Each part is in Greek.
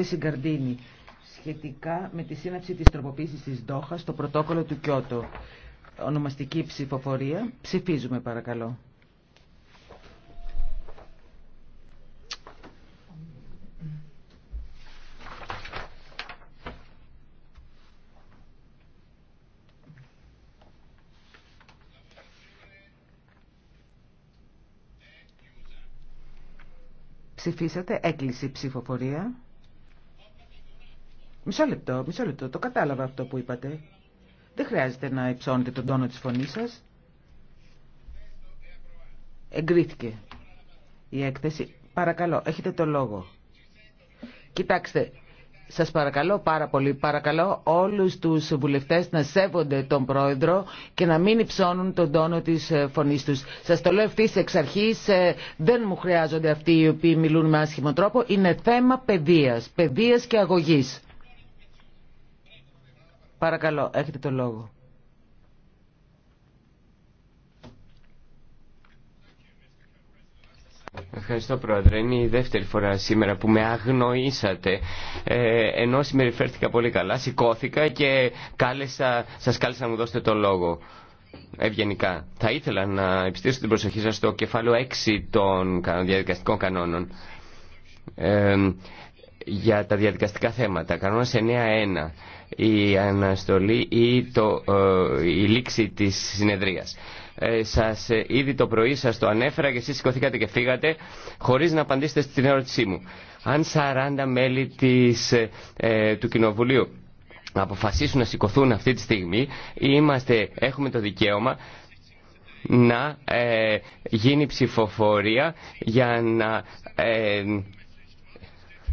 Συγκαρδίνη σχετικά με τη σύναψη της τροποποίησης της Δόχα στο πρωτόκολλο του Κιώτο. Ονομαστική ψηφοφορία. Ψηφίζουμε παρακαλώ. Ψηφίσατε, έκλεισε η ψηφοφορία. Μισό λεπτό, μισό λεπτό, το κατάλαβα αυτό που είπατε. Δεν χρειάζεται να υψώνετε τον τόνο της φωνής σας. Εγκρίθηκε η έκθεση. Παρακαλώ, έχετε το λόγο. Κοιτάξτε, σας παρακαλώ πάρα πολύ, παρακαλώ όλους τους βουλευτές να σέβονται τον πρόεδρο και να μην υψώνουν τον τόνο της ε, φωνής τους. Σας το λέω ευθύς εξ αρχής, ε, δεν μου χρειάζονται αυτοί οι οποίοι μιλούν με άσχημο τρόπο, είναι θέμα παιδείας, παιδείας και αγωγής. Παρακαλώ, έχετε το λόγο. Ευχαριστώ Πρόεδρε. Είναι η δεύτερη φορά σήμερα που με αγνοήσατε. Ε, ενώ συμπεριφέρθηκα πολύ καλά, σηκώθηκα και κάλεσα, σας κάλεσα να μου δώσετε το λόγο. Ευγενικά. Θα ήθελα να επιστήσω την προσοχή σας στο κεφάλαιο 6 των διαδικαστικών κανόνων. Ε, για τα διαδικαστικά θέματα. Κανόνας 9.1 η αναστολή ή το, ε, η λήξη της συνεδρίας. Ε, σας, ε, ήδη το πρωί σας το ανέφερα και εσείς σηκωθήκατε και φύγατε χωρίς να απαντήσετε στην ερώτησή μου. Αν 40 μέλη της, ε, ε, του Κοινοβουλίου αποφασίσουν να σηκωθούν αυτή τη στιγμή, είμαστε, έχουμε το δικαίωμα να γίνει ψηφοφορία για να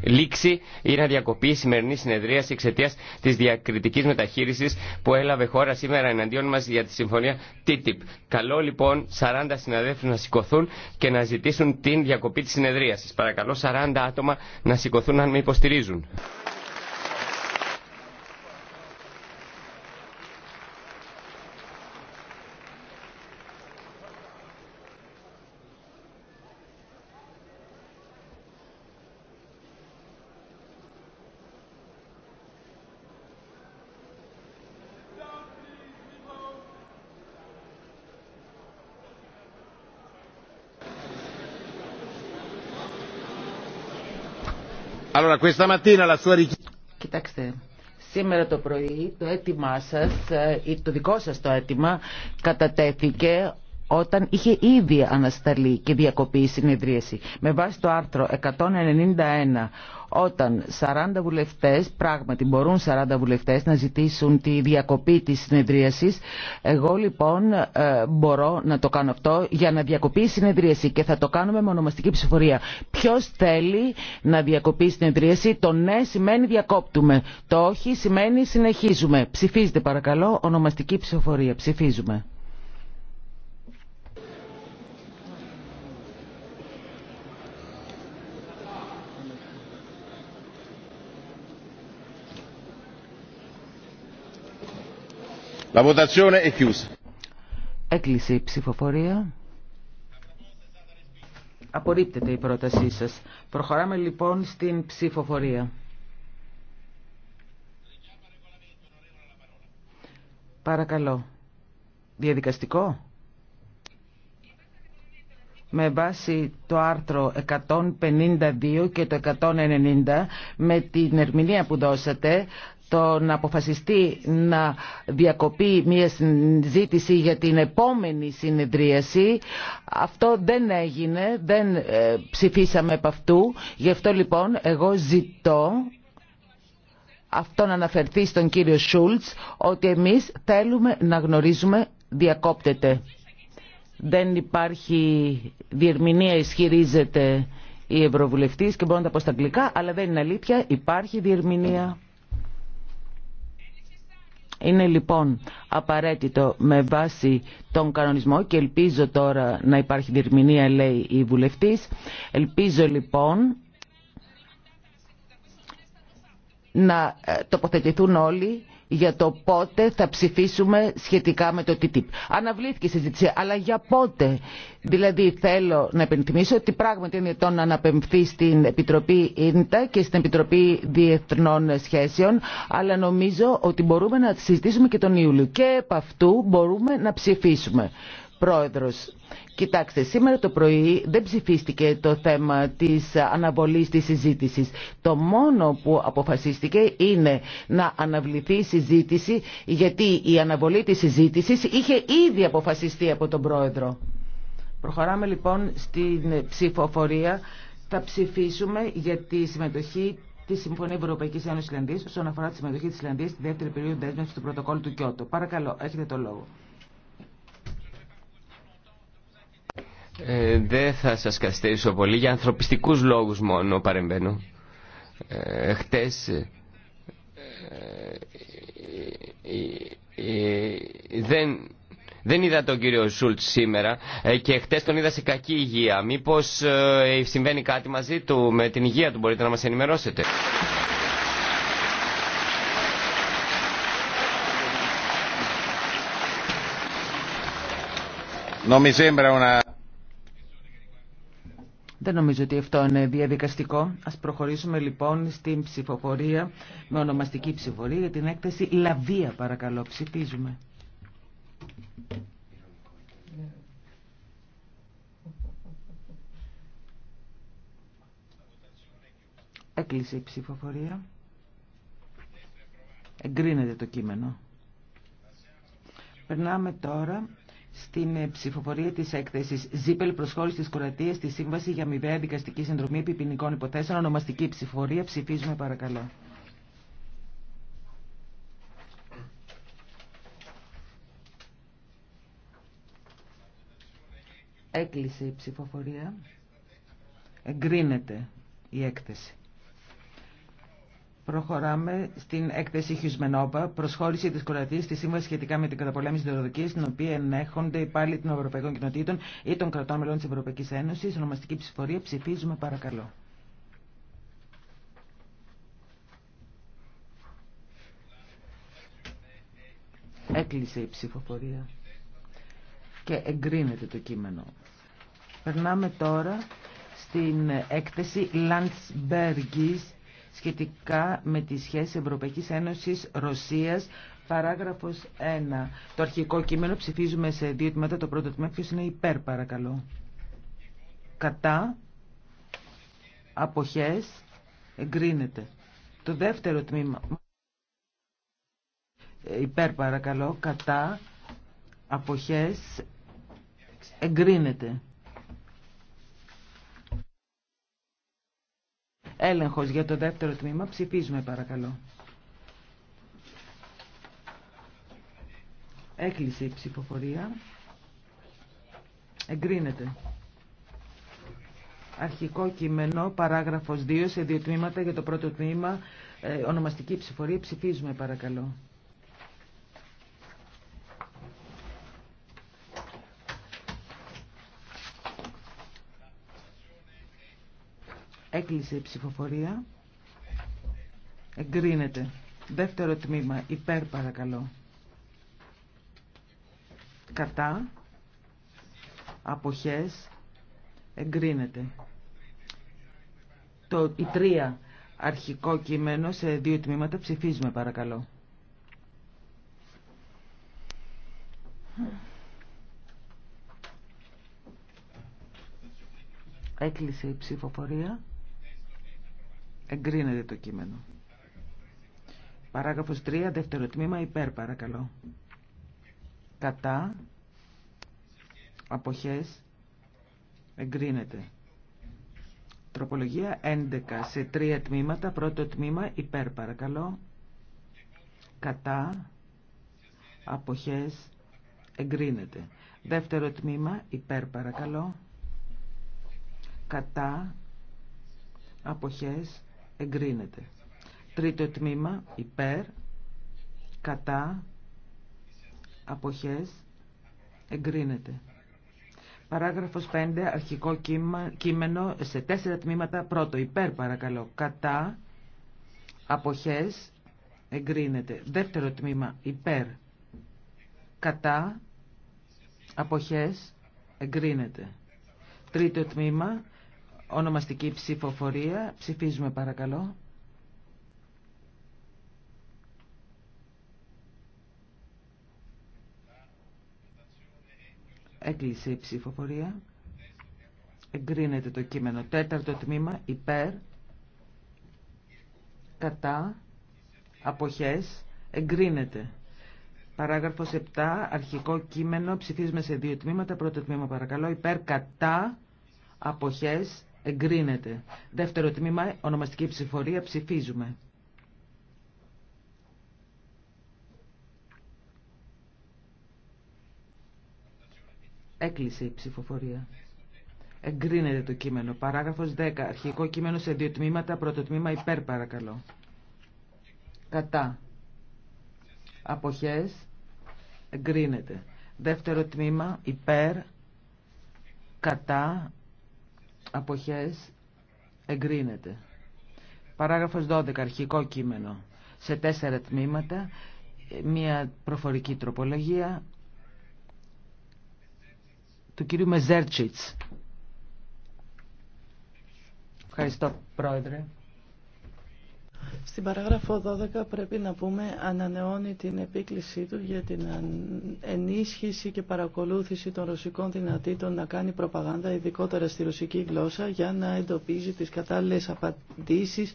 λήξει ή να διακοπεί η σημερινή συνεδρία εξαιτία τη διακριτική μεταχείριση που έλαβε χώρα σήμερα εναντίον μα για τη συμφωνία TTIP. Καλό λοιπόν 40 συναδέλφου να σηκωθούν και να ζητήσουν την διακοπή τη συνεδρία. Παρακαλώ 40 άτομα να σηκωθούν αν με υποστηρίζουν. Κοιτάξτε, σήμερα το πρωί το αίτημά σας ή ε, το δικό σας το αίτημα κατατέθηκε όταν είχε ήδη ανασταλεί και διακοπεί η συνεδρίαση. Με βάση το άρθρο 191, όταν 40 βουλευτές, πράγματι μπορούν 40 βουλευτές να ζητήσουν τη διακοπή της συνεδρίασης, εγώ λοιπόν ε, μπορώ να το κάνω αυτό για να διακοπεί η συνεδρίαση και θα το κάνουμε με ονομαστική ψηφορία. Ποιος θέλει να διακοπεί η συνεδρίαση, το ναι σημαίνει διακόπτουμε, το όχι σημαίνει συνεχίζουμε. Ψηφίζετε παρακαλώ, ονομαστική ψηφοφορία, ψηφίζουμε. La Έκλεισε η ψηφοφορία. Απορρίπτεται η πρότασή σας. Προχωράμε λοιπόν στην ψηφοφορία. Παρακαλώ. Διαδικαστικό. Με βάση το άρθρο 152 και το 190, με την ερμηνεία που δώσατε, το να αποφασιστεί να διακοπεί μια συζήτηση για την επόμενη συνεδρίαση. Αυτό δεν έγινε, δεν ε, ψηφίσαμε επ' αυτού. Γι' αυτό λοιπόν εγώ ζητώ αυτό να αναφερθεί στον κύριο Σούλτς ότι εμείς θέλουμε να γνωρίζουμε διακόπτεται. Δεν υπάρχει διερμηνία ισχυρίζεται η Ευρωβουλευτής και μπορώ να τα πω στα αγγλικά αλλά δεν είναι αλήθεια υπάρχει διερμηνία. Είναι λοιπόν απαραίτητο με βάση τον κανονισμό και ελπίζω τώρα να υπάρχει διερμηνία λέει η βουλευτής. Ελπίζω λοιπόν να ε, τοποθετηθούν όλοι για το πότε θα ψηφίσουμε σχετικά με το TTIP. Αναβλήθηκε η συζήτηση, αλλά για πότε. Δηλαδή θέλω να επενθυμίσω ότι πράγματι είναι το να αναπαιμφθεί στην Επιτροπή ΙΝΤΑ και στην Επιτροπή Διεθνών Σχέσεων, αλλά νομίζω ότι μπορούμε να συζητήσουμε και τον Ιούλιο. Και επ' αυτού μπορούμε να ψηφίσουμε. Πρόεδρος, Κοιτάξτε, σήμερα το πρωί δεν ψηφίστηκε το θέμα της αναβολής της συζήτησης. Το μόνο που αποφασίστηκε είναι να αναβληθεί η συζήτηση γιατί η αναβολή της συζήτησης είχε ήδη αποφασιστεί από τον Πρόεδρο. Προχωράμε λοιπόν στην ψηφοφορία. Θα ψηφίσουμε για τη συμμετοχή τη Συμφωνία Ευρωπαϊκή Ένωση Ισλανδία όσον αφορά τη συμμετοχή τη Ισλανδία στη δεύτερη περίοδο δέσμευση του πρωτοκόλλου του Κιώτο. Παρακαλώ, έχετε το λόγο. Ε, δεν θα σας καθυστερήσω πολύ, για ανθρωπιστικούς λόγους μόνο παρεμβαίνω. Ε, χτες ε, ε, δεν, δεν είδα τον κύριο Σούλτ σήμερα και χτες τον είδα σε κακή υγεία. Μήπως συμβαίνει κάτι μαζί του με την υγεία του, μπορείτε να μας ενημερώσετε. Non mi sembra una... Δεν νομίζω ότι αυτό είναι διαδικαστικό. Ας προχωρήσουμε λοιπόν στην ψηφοφορία με ονομαστική ψηφοφορία για την έκθεση Λαβία παρακαλώ. Ψηφίζουμε. Έκλεισε η ψηφοφορία. Εγκρίνεται το κείμενο. Περνάμε τώρα στην ε, ψηφοφορία τη έκθεση Ζήπελ προσχώρηση τη Κροατία στη Σύμβαση για Μηβαία Δικαστική Συνδρομή Επιποινικών Υποθέσεων. Ονομαστική ψηφοφορία. Ψηφίζουμε παρακαλώ. Έκλεισε η ψηφοφορία. Εγκρίνεται η έκθεση. Προχωράμε στην έκθεση Χιουσμενόπα, προσχώρηση τη Κροατία στη σύμβαση σχετικά με την καταπολέμηση τη δωροδοκία, στην οποία ενέχονται υπάλληλοι των Ευρωπαϊκών Κοινοτήτων ή των κρατών μελών τη Ευρωπαϊκή Ένωση. Ονομαστική ψηφορία ψηφίζουμε παρακαλώ. Έκλεισε η ψηφοφορία και εγκρίνεται το κείμενο. Περνάμε τώρα στην έκθεση Λαντσμπεργκης σχετικά με τις σχέσεις Ευρωπαϊκής Ένωσης Ρωσίας Παράγραφος 1. Το αρχικό κείμενο ψηφίζουμε σε δύο τμήματα. Το πρώτο τμήμα ποιος είναι υπέρ παρακαλώ. Κατά. Αποχές. Εγκρίνεται. Το δεύτερο τμήμα. Υπέρ παρακαλώ. Κατά. Αποχές. Εγκρίνεται. Έλεγχος για το δεύτερο τμήμα. Ψηφίζουμε παρακαλώ. Έκλεισε η ψηφοφορία. Εγκρίνεται. Αρχικό κείμενο, παράγραφος 2, σε δύο τμήματα για το πρώτο τμήμα. Ε, ονομαστική ψηφορία. Ψηφίζουμε παρακαλώ. Έκλεισε η ψηφοφορία. Εγκρίνεται. Δεύτερο τμήμα. Υπέρ παρακαλώ. Κατά. Αποχές. Εγκρίνεται. Το, η τρία αρχικό κείμενο σε δύο τμήματα. Ψηφίζουμε παρακαλώ. Έκλεισε η ψηφοφορία. Εγκρίνεται το κείμενο. Παράγραφος 3, δεύτερο τμήμα, υπέρ παρακαλώ. Κατά, αποχές, εγκρίνεται. Τροπολογία 11, σε τρία τμήματα, πρώτο τμήμα, υπέρ παρακαλώ. Κατά, αποχές, εγκρίνεται. Δεύτερο τμήμα, υπέρ παρακαλώ. Κατά, αποχές, εγκρίνεται. Τρίτο τμήμα υπέρ, κατά, αποχές, εγκρίνεται. Παράγραφος 5, αρχικό κείμενο σε τέσσερα τμήματα. Πρώτο, υπέρ παρακαλώ, κατά, αποχές, εγκρίνεται. Δεύτερο τμήμα, υπέρ, κατά, αποχές, εγκρίνεται. Τρίτο τμήμα, Ονομαστική ψηφοφορία. Ψηφίζουμε παρακαλώ. Έκλεισε η ψηφοφορία. Εγκρίνεται το κείμενο. Τέταρτο τμήμα υπέρ, κατά, αποχές. Εγκρίνεται. Παράγραφος 7. Αρχικό κείμενο. Ψηφίζουμε σε δύο τμήματα. Πρώτο τμήμα παρακαλώ. Υπέρ, κατά, αποχές Εγκρίνεται. Δεύτερο τμήμα, ονομαστική ψηφορία, ψηφίζουμε. Έκλεισε η ψηφοφορία. Εγκρίνεται το κείμενο. Παράγραφος 10. Αρχικό κείμενο σε δύο τμήματα. Πρώτο τμήμα υπέρ παρακαλώ. Κατά. Αποχές. Εγκρίνεται. Δεύτερο τμήμα υπέρ. Κατά αποχές εγκρίνεται. Παράγραφος 12, αρχικό κείμενο. Σε τέσσερα τμήματα, μια προφορική τροπολογία του κυρίου Μεζέρτσιτς. Ευχαριστώ, Πρόεδρε. Στην παράγραφο 12 πρέπει να πούμε ανανεώνει την επίκλησή του για την ενίσχυση και παρακολούθηση των ρωσικών δυνατήτων να κάνει προπαγάνδα ειδικότερα στη ρωσική γλώσσα για να εντοπίζει τις κατάλληλες απαντήσεις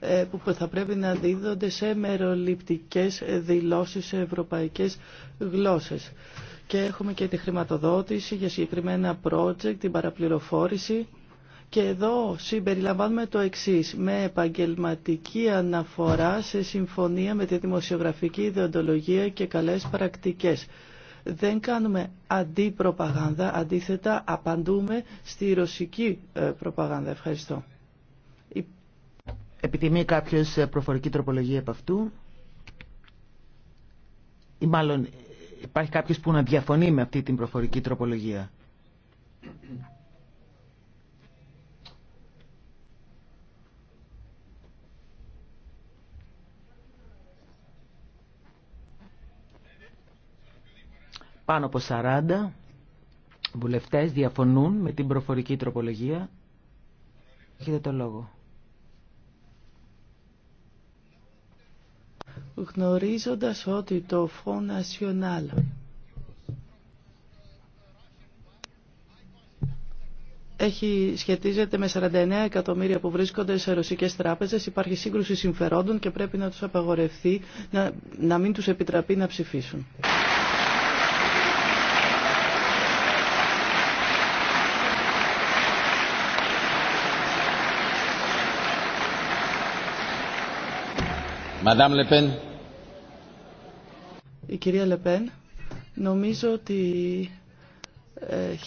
ε, που θα πρέπει να δίδονται σε μεροληπτικές δηλώσεις σε ευρωπαϊκές γλώσσες. Και έχουμε και τη χρηματοδότηση για συγκεκριμένα project, την παραπληροφόρηση και εδώ συμπεριλαμβάνουμε το εξής, με επαγγελματική αναφορά σε συμφωνία με τη δημοσιογραφική ιδεοντολογία και καλές πρακτικές. Δεν κάνουμε αντίπροπαγάνδα, αντίθετα απαντούμε στη ρωσική ε, προπαγάνδα. Ευχαριστώ. Επιτιμεί κάποιος ε, προφορική τροπολογία από αυτού ή μάλλον ε, υπάρχει κάποιος που να διαφωνεί με αυτή την προφορική τροπολογία. Πάνω από 40 βουλευτές διαφωνούν με την προφορική τροπολογία. Έχετε το λόγο. Γνωρίζοντας ότι το Front National έχει, σχετίζεται με 49 εκατομμύρια που βρίσκονται σε ρωσικές τράπεζες, υπάρχει σύγκρουση συμφερόντων και πρέπει να τους απαγορευτεί, να, να μην τους επιτραπεί να ψηφίσουν. Η κυρία Λεπέν, νομίζω ότι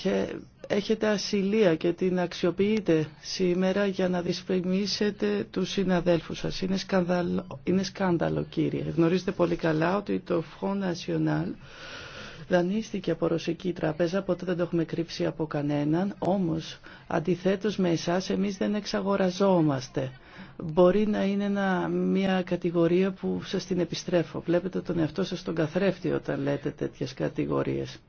ε, έχετε ασυλία και την αξιοποιείτε σήμερα για να δυσφημίσετε τους συναδέλφους σας. Είναι σκάνδαλο, είναι σκάνδαλο κύριε. Γνωρίζετε πολύ καλά ότι το Front National δανείστηκε από ρωσική τραπέζα, ποτέ δεν το έχουμε κρύψει από κανέναν. Όμως, αντιθέτως με εσάς, εμείς δεν εξαγοραζόμαστε μπορεί να είναι μια κατηγορία που σας την επιστρέφω. Βλέπετε τον εαυτό σας στον καθρέφτη όταν λέτε τέτοιες κατηγορίες.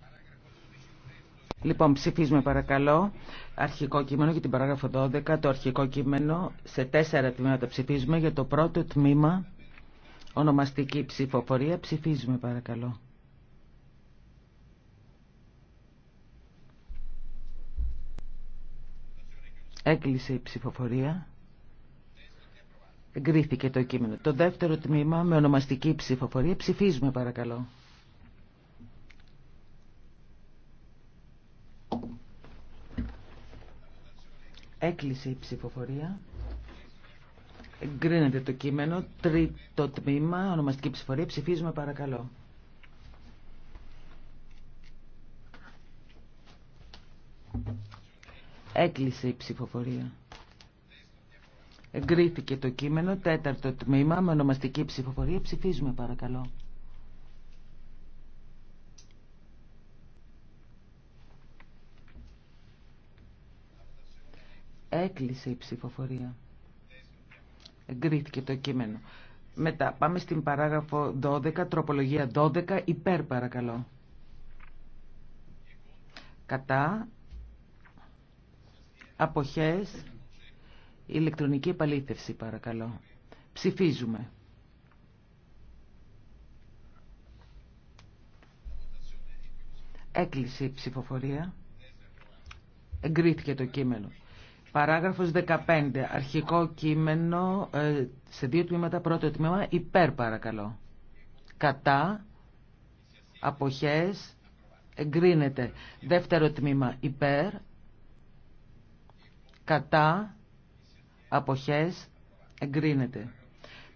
Λοιπόν, ψηφίζουμε παρακαλώ. Αρχικό κείμενο για την παράγραφο 12. Το αρχικό κείμενο σε τέσσερα τμήματα ψηφίζουμε. Για το πρώτο τμήμα, ονομαστική ψηφοφορία, ψηφίζουμε παρακαλώ. Έκλεισε η ψηφοφορία. Εγκρίθηκε το κείμενο. Το δεύτερο τμήμα με ονομαστική ψηφοφορία. Ψηφίζουμε παρακαλώ. Έκλεισε η ψηφοφορία. Εγκρίνεται το κείμενο. Τρίτο τμήμα, ονομαστική ψηφοφορία Ψηφίζουμε παρακαλώ. Έκλεισε η ψηφοφορία. Εγκρίθηκε το κείμενο, τέταρτο τμήμα, με ονομαστική ψηφοφορία. Ψηφίζουμε παρακαλώ. Έκλεισε η ψηφοφορία. Εγκρίθηκε το κείμενο. Μετά πάμε στην παράγραφο 12, τροπολογία 12, υπέρ παρακαλώ. Κατά, αποχές, ηλεκτρονική επαλήθευση παρακαλώ. Ψηφίζουμε. Έκλεισε η ψηφοφορία. Εγκρίθηκε το κείμενο. Παράγραφος 15. Αρχικό κείμενο ε, σε δύο τμήματα. Πρώτο τμήμα υπέρ παρακαλώ. Κατά. Αποχές. Εγκρίνεται. Δεύτερο τμήμα υπέρ. Κατά αποχές εγκρίνεται.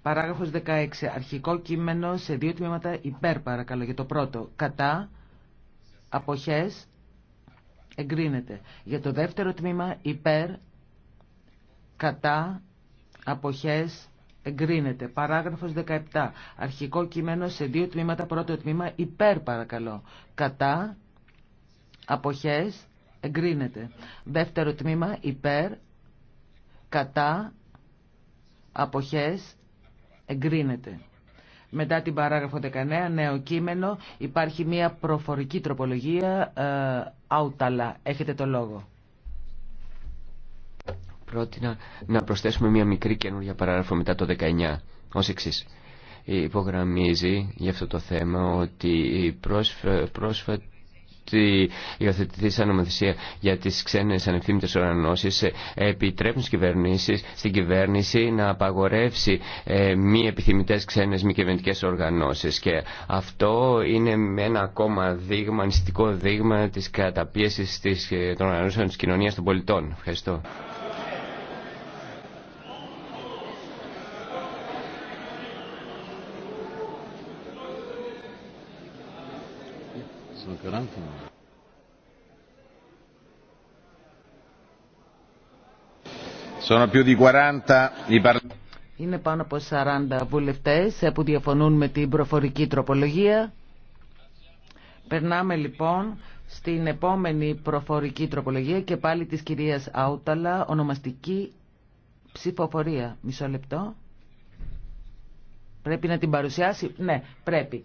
Παράγραφος 16. Αρχικό κείμενο σε δύο τμήματα υπέρ παρακαλώ για το πρώτο. Κατά αποχές εγκρίνεται. Για το δεύτερο τμήμα υπέρ κατά αποχές εγκρίνεται. Παράγραφος 17. Αρχικό κείμενο σε δύο τμήματα πρώτο τμήμα υπέρ παρακαλώ. Κατά αποχές εγκρίνεται. Δεύτερο τμήμα υπέρ κατά, αποχές, εγκρίνεται. Μετά την παράγραφο 19, νέο κείμενο, υπάρχει μια προφορική τροπολογία, ε, Έχετε το λόγο. Πρότεινα να προσθέσουμε μια μικρή καινούργια παράγραφο μετά το 19, ως εξής. Υπογραμμίζει για αυτό το θέμα ότι η πρόσφατη τη σαν νομοθεσία για τις ξένες ανευθύμητες οργανώσεις ε, επιτρέπουν στις κυβερνήσεις, στην κυβέρνηση να απαγορεύσει ε, μη επιθυμητές ξένες μη κυβερνητικές οργανώσεις και αυτό είναι ένα ακόμα δείγμα, ανιστικό δείγμα της καταπίεσης ε, των οργανώσεων της κοινωνίας των πολιτών. Ευχαριστώ. Είναι πάνω από 40 βουλευτές που διαφωνούν με την προφορική τροπολογία. Περνάμε λοιπόν στην επόμενη προφορική τροπολογία και πάλι της κυρίας Άουταλα, ονομαστική ψηφοφορία. Μισό λεπτό. Πρέπει να την παρουσιάσει. Ναι, πρέπει.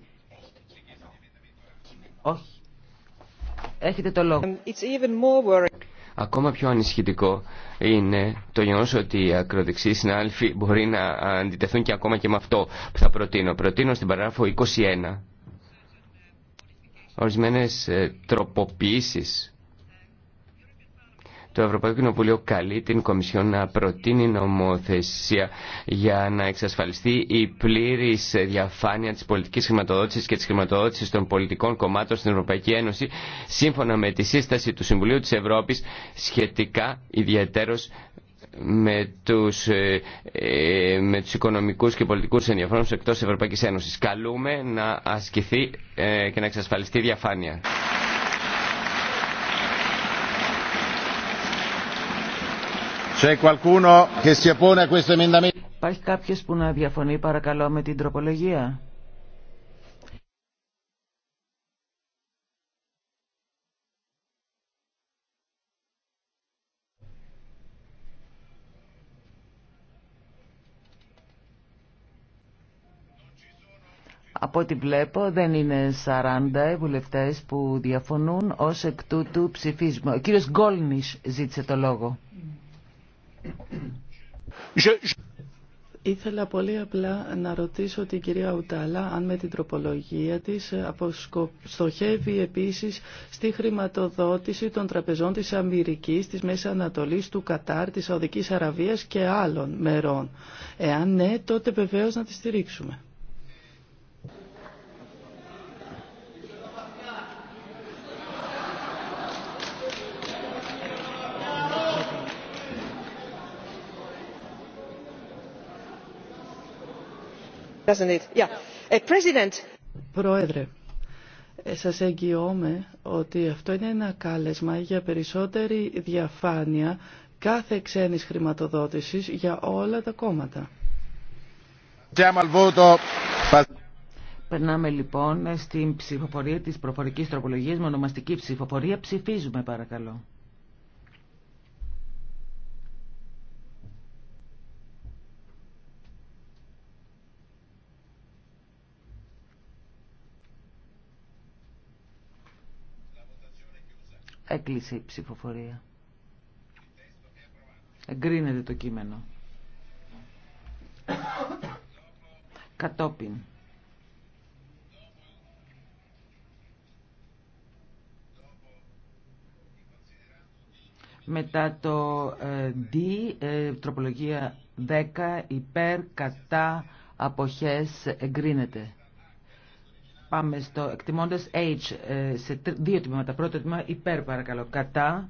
Όχι. Έχετε το λόγο. Um, ακόμα πιο ανησυχητικό είναι το γεγονό ότι οι ακροδεξιοί συνάδελφοι μπορεί να αντιτεθούν και ακόμα και με αυτό που θα προτείνω. Προτείνω στην παράγραφο 21 ορισμένες ε, τροποποιήσεις το Ευρωπαϊκό Κοινοβούλιο καλεί την Κομισιόν να προτείνει νομοθεσία για να εξασφαλιστεί η πλήρη διαφάνεια τη πολιτική χρηματοδότηση και τη χρηματοδότηση των πολιτικών κομμάτων στην Ευρωπαϊκή Ένωση, σύμφωνα με τη σύσταση του Συμβουλίου τη Ευρώπη σχετικά ιδιαίτερω με τους, ε, ε, με οικονομικούς και πολιτικούς ενδιαφέροντες εκτός της Ευρωπαϊκής Ένωσης. Καλούμε να ασκηθεί ε, και να εξασφαλιστεί διαφάνεια. Υπάρχει κάποιο που να διαφωνεί παρακαλώ με την τροπολογία. Από ό,τι βλέπω δεν είναι 40 οι βουλευτές που διαφωνούν ως εκ τούτου ψηφίσμα. Ο κύριος Γκόλνης ζήτησε το λόγο. Ήθελα πολύ απλά να ρωτήσω την κυρία Ουτάλα αν με την τροπολογία της ε, στοχεύει επίσης στη χρηματοδότηση των τραπεζών της Αμερικής, της Μέσης Ανατολής, του Κατάρ, της Σαουδικής Αραβίας και άλλων μερών. Εάν ναι, τότε βεβαίως να τη στηρίξουμε. Uh, Πρόεδρε, ε, σας εγγυώμαι ότι αυτό είναι ένα κάλεσμα για περισσότερη διαφάνεια κάθε ξένης χρηματοδότησης για όλα τα κόμματα. Περνάμε λοιπόν στην ψηφοφορία της προφορικής τροπολογίας με ονομαστική ψηφοφορία. Ψηφίζουμε παρακαλώ. Έκλεισε η ψηφοφορία. Εγκρίνεται το κείμενο. Κατόπιν. Μετά το ε, D, ε, τροπολογία 10, υπέρ, κατά, αποχές, εγκρίνεται. Πάμε στο εκτιμώντας H ε, σε δύο τμήματα. Πρώτο τμήμα υπέρ παρακαλώ. Κατά,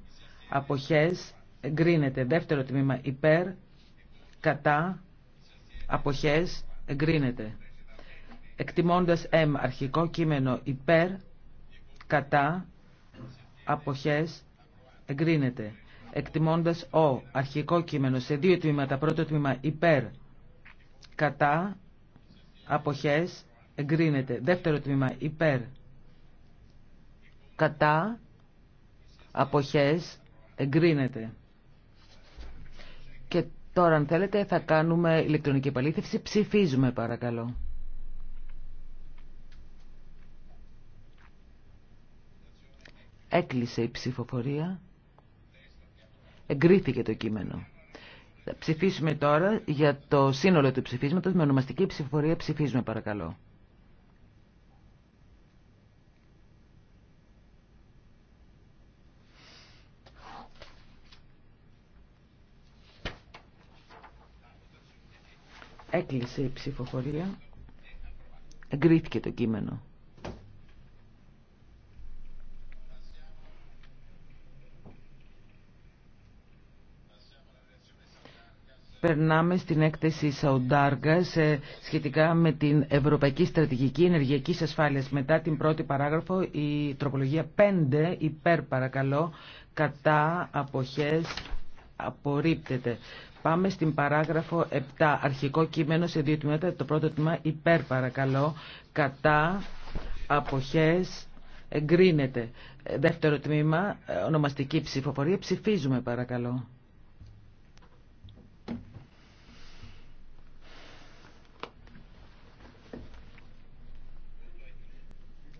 αποχές, εγκρίνεται. Δεύτερο τμήμα υπέρ, κατά, αποχές, εγκρίνεται. Εκτιμώντας M αρχικό κείμενο υπέρ, κατά, αποχές, εγκρίνεται. Εκτιμώντας O αρχικό κείμενο σε δύο τμήματα. Πρώτο τμήμα υπέρ, κατά, αποχές, εγκρίνεται. Δεύτερο τμήμα υπέρ κατά αποχές εγκρίνεται. Και τώρα αν θέλετε θα κάνουμε ηλεκτρονική επαλήθευση. Ψηφίζουμε παρακαλώ. Έκλεισε η ψηφοφορία. Εγκρίθηκε το κείμενο. Θα ψηφίσουμε τώρα για το σύνολο του ψηφίσματος με ονομαστική ψηφοφορία. Ψηφίζουμε παρακαλώ. Έκλεισε η ψηφοφορία. Εγκρίθηκε το κείμενο. Περνάμε στην έκθεση Σαουντάργα σχετικά με την Ευρωπαϊκή Στρατηγική Ενεργειακής Ασφάλειας. Μετά την πρώτη παράγραφο, η τροπολογία 5, υπέρ παρακαλώ, κατά αποχές απορρίπτεται. Πάμε στην παράγραφο 7. Αρχικό κείμενο σε δύο τμήματα. Το πρώτο τμήμα υπέρ παρακαλώ. Κατά αποχές εγκρίνεται. Δεύτερο τμήμα ε, ονομαστική ψηφοφορία. Ψηφίζουμε παρακαλώ.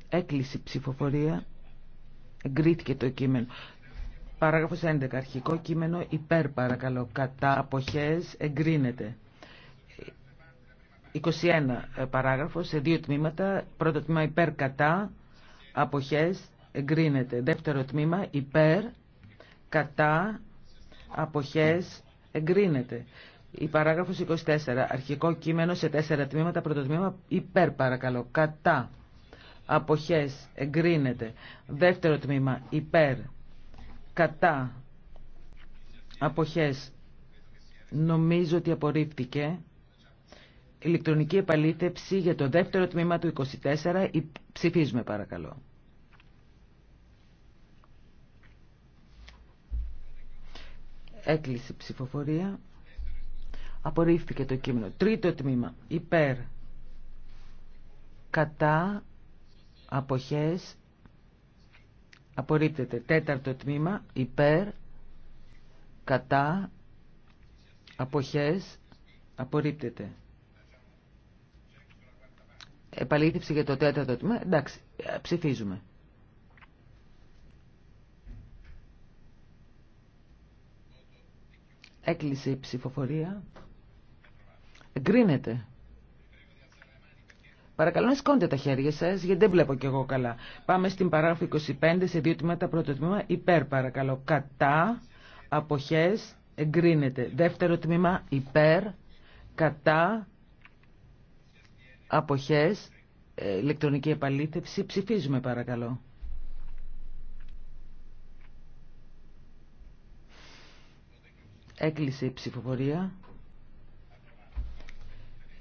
Έκλεισε ψηφοφορία. Εγκρίθηκε το κείμενο. Παράγραφος 11. Αρχικό κείμενο υπέρ παρακαλώ. Κατά αποχές εγκρίνεται. 21. Ε, παράγραφος σε δύο τμήματα. Πρώτο τμήμα υπέρ κατά αποχές εγκρίνεται. Δεύτερο τμήμα υπέρ κατά αποχές εγκρίνεται. Η παράγραφος 24. Αρχικό κείμενο σε τέσσερα τμήματα. Πρώτο τμήμα υπέρ παρακαλώ. Κατά αποχές εγκρίνεται. Δεύτερο τμήμα υπέρ κατά αποχές νομίζω ότι απορρίφθηκε ηλεκτρονική επαλήθευση για το δεύτερο τμήμα του 24 ψηφίζουμε παρακαλώ έκλεισε ψηφοφορία απορρίφθηκε το κείμενο τρίτο τμήμα υπέρ κατά αποχές Απορρίπτεται. Τέταρτο τμήμα. Υπέρ. Κατά. Αποχές. Απορρίπτεται. Επαλήθευση για το τέταρτο τμήμα. Εντάξει. Ε, ψηφίζουμε. Έκλεισε η ψηφοφορία. Εγκρίνεται. Παρακαλώ να σκόντε τα χέρια σας, γιατί δεν βλέπω κι εγώ καλά. Πάμε στην παράγραφο 25, σε δύο τμήματα, πρώτο τμήμα, υπέρ παρακαλώ, κατά, αποχές, εγκρίνεται. Δεύτερο τμήμα, υπέρ, κατά, αποχές, ηλεκτρονική επαλήθευση, ψηφίζουμε παρακαλώ. Έκλεισε η ψηφοφορία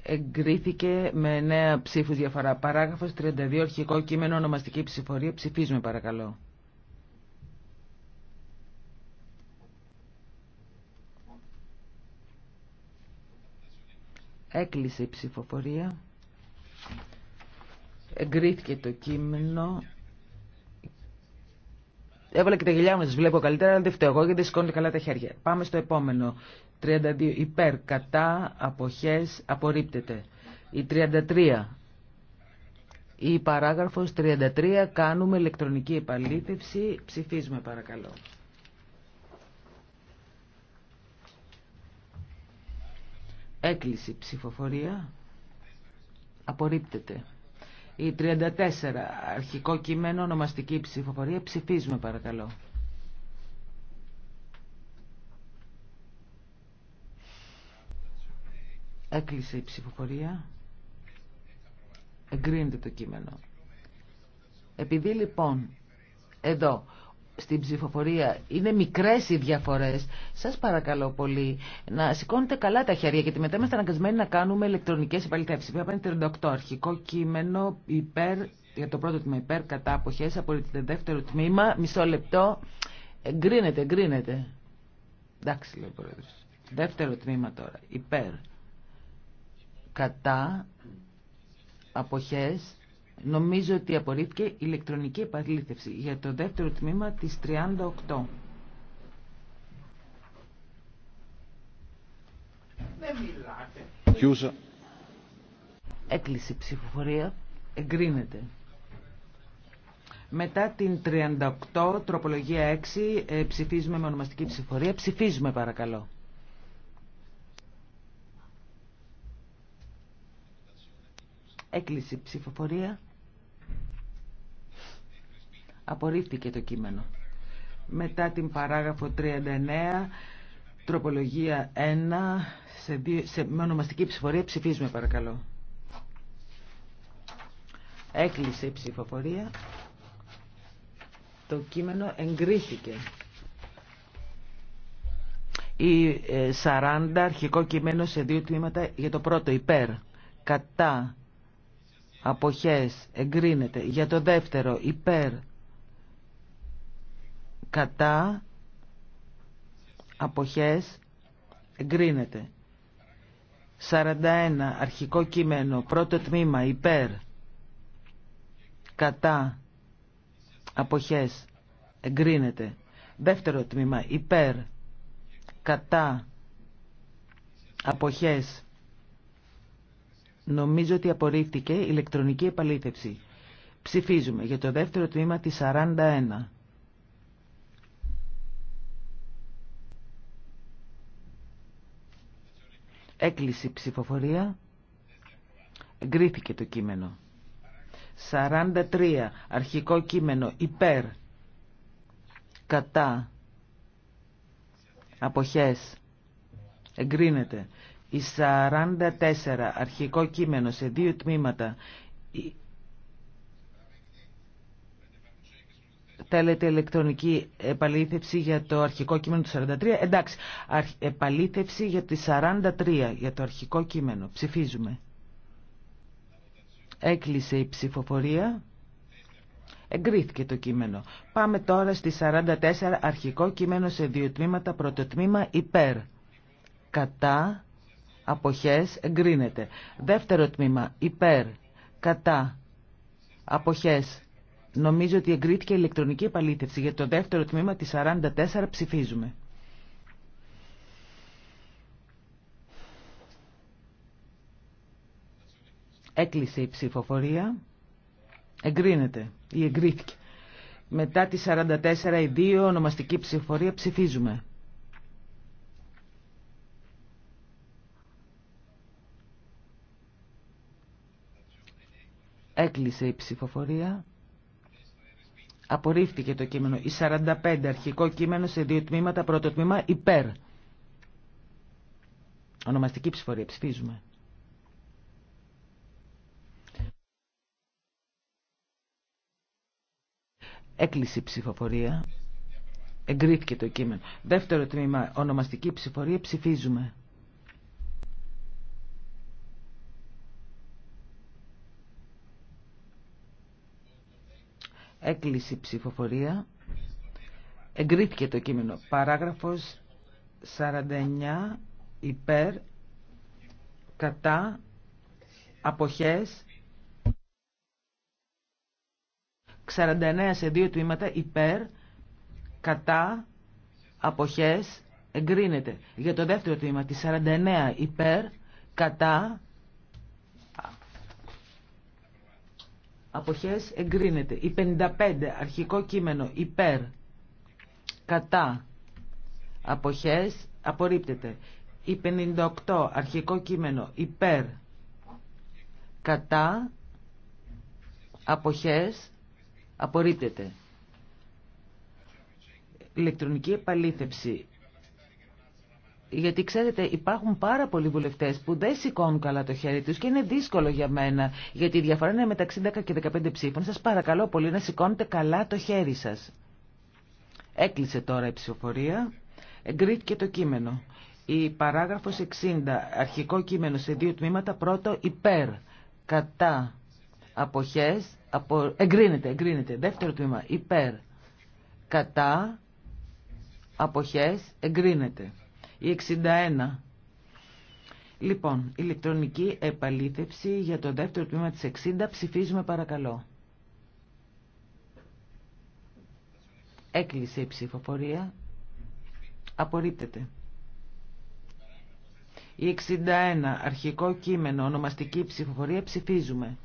εγκρίθηκε με νέα ψήφους διαφορά. Παράγραφος 32, αρχικό κείμενο, ονομαστική ψηφορία. Ψηφίζουμε παρακαλώ. Έκλεισε η ψηφοφορία. Εγκρίθηκε το κείμενο. Έβαλα και τα γυλιά μου να βλέπω καλύτερα, αλλά δεν φταίω εγώ γιατί δεν καλά τα χέρια. Πάμε στο επόμενο. 32 υπέρ κατά αποχές απορρίπτεται. Η 33. Η παράγραφος 33 κάνουμε ηλεκτρονική επαλήθευση. Ψηφίζουμε παρακαλώ. Έκλειση ψηφοφορία. Απορρίπτεται. Η 34. Αρχικό κείμενο, ονομαστική ψηφοφορία. Ψηφίζουμε παρακαλώ. Έκλεισε η ψηφοφορία. Εγκρίνεται το κείμενο. Επειδή λοιπόν εδώ στην ψηφοφορία είναι μικρές οι διαφορές, σας παρακαλώ πολύ να σηκώνετε καλά τα χέρια γιατί μετά είμαστε αναγκασμένοι να κάνουμε ηλεκτρονικές επαληθεύσεις. Πρέπει να είναι 38 αρχικό κείμενο υπέρ, για το πρώτο τμήμα υπέρ κατά αποχές, το δεύτερο τμήμα, μισό λεπτό, εγκρίνεται, εγκρίνεται. Εντάξει λέει ο Πρόεδρος. Δεύτερο τμήμα τώρα, υπέρ κατά αποχές νομίζω ότι απορρίφθηκε ηλεκτρονική επαλήθευση για το δεύτερο τμήμα της 38. Έκλειση Έκλεισε ψηφοφορία. Εγκρίνεται. Μετά την 38, τροπολογία 6, ε, ψηφίζουμε με ονομαστική ψηφοφορία. Ψηφίζουμε παρακαλώ. Έκλεισε η ψηφοφορία. Απορρίφθηκε το κείμενο. Μετά την παράγραφο 39, τροπολογία 1, σε, δύο, σε με ονομαστική ψηφοφορία ψηφίζουμε παρακαλώ. Έκλεισε η ψηφοφορία. Το κείμενο εγκρίθηκε. Η 40 ε, αρχικό κείμενο σε δύο τμήματα για το πρώτο υπέρ, κατά αποχές εγκρίνεται για το δεύτερο υπέρ κατά αποχές εγκρίνεται 41 αρχικό κείμενο πρώτο τμήμα υπέρ κατά αποχές εγκρίνεται δεύτερο τμήμα υπέρ κατά αποχές Νομίζω ότι απορρίφθηκε ηλεκτρονική επαλήθευση. Ψηφίζουμε για το δεύτερο τμήμα τη 41. Έκλειση ψηφοφορία. Εγκρίθηκε το κείμενο. 43. Αρχικό κείμενο. Υπέρ. Κατά. Αποχές. Εγκρίνεται. Η 44 αρχικό κείμενο σε δύο τμήματα. Θέλετε ηλεκτρονική επαλήθευση για το αρχικό κείμενο του 43. Εντάξει, επαλήθευση για τη 43, για το αρχικό κείμενο. Ψηφίζουμε. Έκλεισε η ψηφοφορία. Εγκρίθηκε το κείμενο. Πάμε τώρα στη 44, αρχικό κείμενο σε δύο τμήματα. Πρώτο τμήμα υπέρ. Κατά αποχές εγκρίνεται. Δεύτερο τμήμα υπέρ κατά αποχές Νομίζω ότι εγκρίθηκε η ηλεκτρονική επαλήθευση για το δεύτερο τμήμα τη 44 ψηφίζουμε. Έκλεισε η ψηφοφορία. Εγκρίνεται ή εγκρίθηκε. Μετά τη 44 η 2 ονομαστική ψηφοφορία ψηφίζουμε. Έκλεισε η ψηφοφορία. Απορρίφθηκε το κείμενο. Η 45 αρχικό κείμενο σε δύο τμήματα. Πρώτο τμήμα υπέρ. Ονομαστική ψηφοφορία, Ψηφίζουμε. Έκλεισε η ψηφοφορία. Εγκρίθηκε το κείμενο. Δεύτερο τμήμα. Ονομαστική ψηφοφορία, Ψηφίζουμε. Έκλεισε η ψηφοφορία. Εγκρίθηκε το κείμενο. Παράγραφος 49 υπέρ κατά αποχές 49 σε δύο τμήματα υπέρ κατά αποχές εγκρίνεται. Για το δεύτερο τμήμα τη 49 υπέρ κατά αποχές εγκρίνεται. Η 55 αρχικό κείμενο υπέρ κατά αποχές απορρίπτεται. Η 58 αρχικό κείμενο υπέρ κατά αποχές απορρίπτεται. Ηλεκτρονική επαλήθευση γιατί ξέρετε υπάρχουν πάρα πολλοί βουλευτές που δεν σηκώνουν καλά το χέρι τους και είναι δύσκολο για μένα γιατί η διαφορά είναι μεταξύ 10 και 15 ψήφων. Σας παρακαλώ πολύ να σηκώνετε καλά το χέρι σας. Έκλεισε τώρα η ψηφοφορία. Εγκρίθηκε το κείμενο. Η παράγραφος 60, αρχικό κείμενο σε δύο τμήματα, πρώτο υπέρ, κατά, αποχές, απο... εγκρίνεται, εγκρίνεται. Δεύτερο τμήμα, υπέρ, κατά, αποχές, εγκρίνεται ή 61. Λοιπόν, ηλεκτρονική επαλήθευση για το δεύτερο τμήμα της 60. Ψηφίζουμε παρακαλώ. Έκλεισε η ψηφοφορία. Απορρίπτεται. Η 61. Αρχικό κείμενο. Ονομαστική ψηφοφορία. Ψηφίζουμε.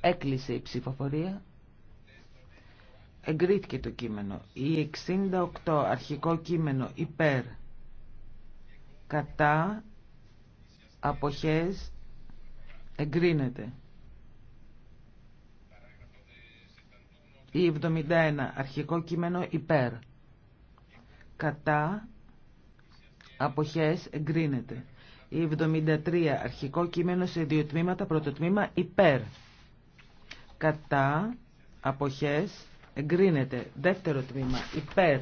Έκλεισε η ψηφοφορία. Εγκρίθηκε το κείμενο. Η 68 αρχικό κείμενο υπέρ κατά αποχές εγκρίνεται. Η 71 αρχικό κείμενο υπέρ κατά αποχές εγκρίνεται. Η 73 αρχικό κείμενο σε δύο τμήματα, πρώτο τμήμα υπέρ κατά αποχές εγκρίνεται. Δεύτερο τμήμα υπέρ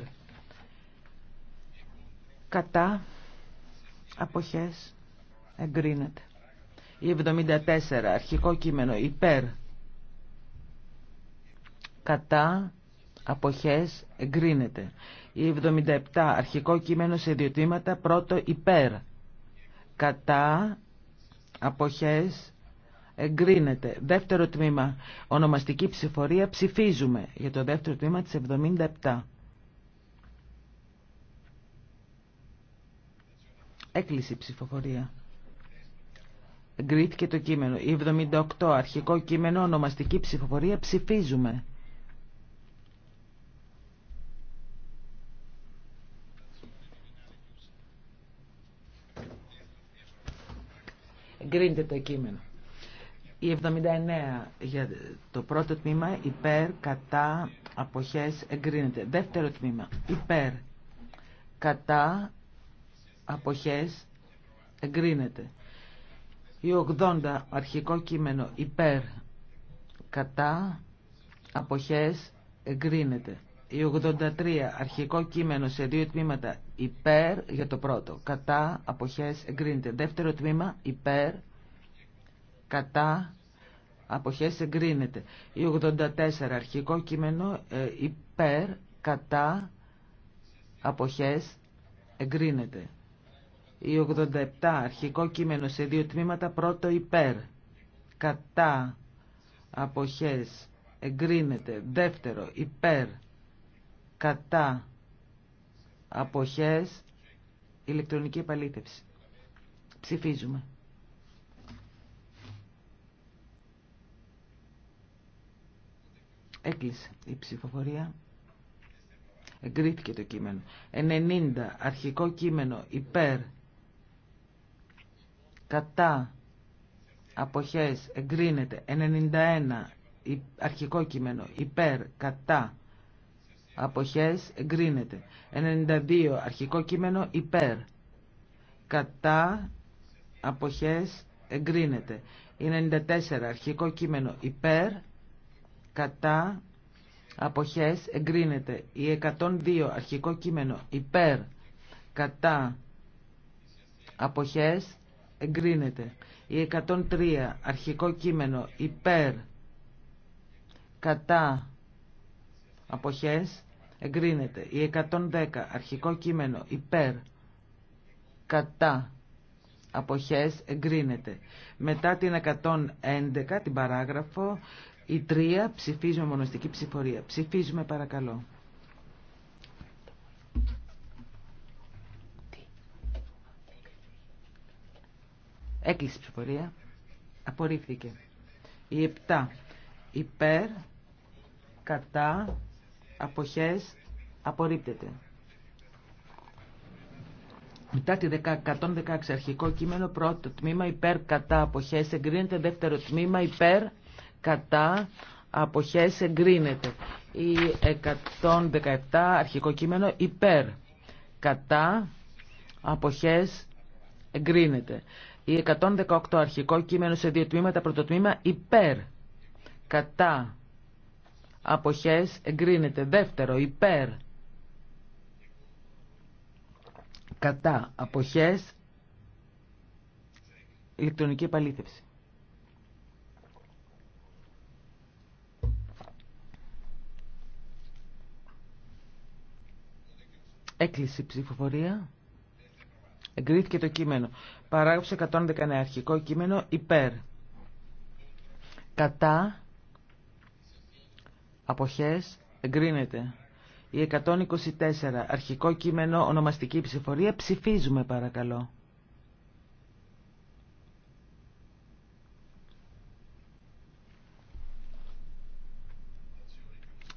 κατά αποχές εγκρίνεται. Η 74 αρχικό κείμενο υπέρ κατά αποχές εγκρίνεται. Η 77 αρχικό κείμενο σε δύο τμήματα πρώτο υπέρ κατά αποχές εγκρίνεται. Δεύτερο τμήμα, ονομαστική ψηφορία, ψηφίζουμε για το δεύτερο τμήμα της 77. Έκλεισε η ψηφοφορία. Εγκρίθηκε το κείμενο. Η 78 αρχικό κείμενο ονομαστική ψηφοφορία ψηφίζουμε. Εγκρίνεται το κείμενο. Η 79 για το πρώτο τμήμα υπέρ, κατά, αποχές εγκρίνεται. Δεύτερο τμήμα υπέρ, κατά, αποχές εγκρίνεται. Η 80 αρχικό κείμενο υπέρ, κατά, αποχές εγκρίνεται. Η 83 αρχικό κείμενο σε δύο τμήματα υπέρ για το πρώτο, κατά, αποχές εγκρίνεται. Δεύτερο τμήμα υπέρ, κατά αποχές εγκρίνεται. Η 84 αρχικό κείμενο ε, υπέρ κατά αποχές εγκρίνεται. Η 87 αρχικό κείμενο σε δύο τμήματα πρώτο υπέρ κατά αποχές εγκρίνεται. Δεύτερο υπέρ κατά αποχές ηλεκτρονική επαλήθευση. Ψηφίζουμε. Έκλεισε η ψηφοφορία. Εγκρίθηκε το κείμενο. 90. Αρχικό κείμενο. Υπέρ. Κατά. Αποχές. Εγκρίνεται. 91. Αρχικό κείμενο. Υπέρ. Κατά. Αποχές. Εγκρίνεται. 92. Αρχικό κείμενο. Υπέρ. Κατά. Αποχές. Εγκρίνεται. 94. Αρχικό κείμενο. Υπέρ κατά αποχές εγκρίνεται η 102 αρχικό κείμενο υπέρ κατά αποχές εγκρίνεται η 103 αρχικό κείμενο υπέρ κατά αποχές εγκρίνεται η 110 αρχικό κείμενο υπέρ κατά αποχές εγκρίνεται μετά την 111 την παράγραφο η τρία ψηφίζουμε μονοστική ψηφορία. Ψηφίζουμε παρακαλώ. Έκλεισε η ψηφορία. Απορρίφθηκε. Η επτά, Υπέρ, κατά, αποχές, απορρίπτεται. Μετά τη 116 αρχικό κείμενο, πρώτο τμήμα υπέρ κατά αποχές εγκρίνεται, δεύτερο τμήμα υπέρ κατά αποχές εγκρίνεται. Η 117 αρχικό κείμενο υπέρ κατά αποχές εγκρίνεται. Η 118 αρχικό κείμενο σε δύο τμήματα πρωτοτμήμα υπέρ κατά αποχές εγκρίνεται. Δεύτερο υπέρ κατά αποχές ηλεκτρονική επαλήθευση. Έκλεισε η ψηφοφορία. Εγκρίθηκε το κείμενο. Παράγραψε 119. Αρχικό κείμενο υπέρ. Κατά. Αποχές. Εγκρίνεται. Η 124. Αρχικό κείμενο. Ονομαστική ψηφοφορία. Ψηφίζουμε παρακαλώ.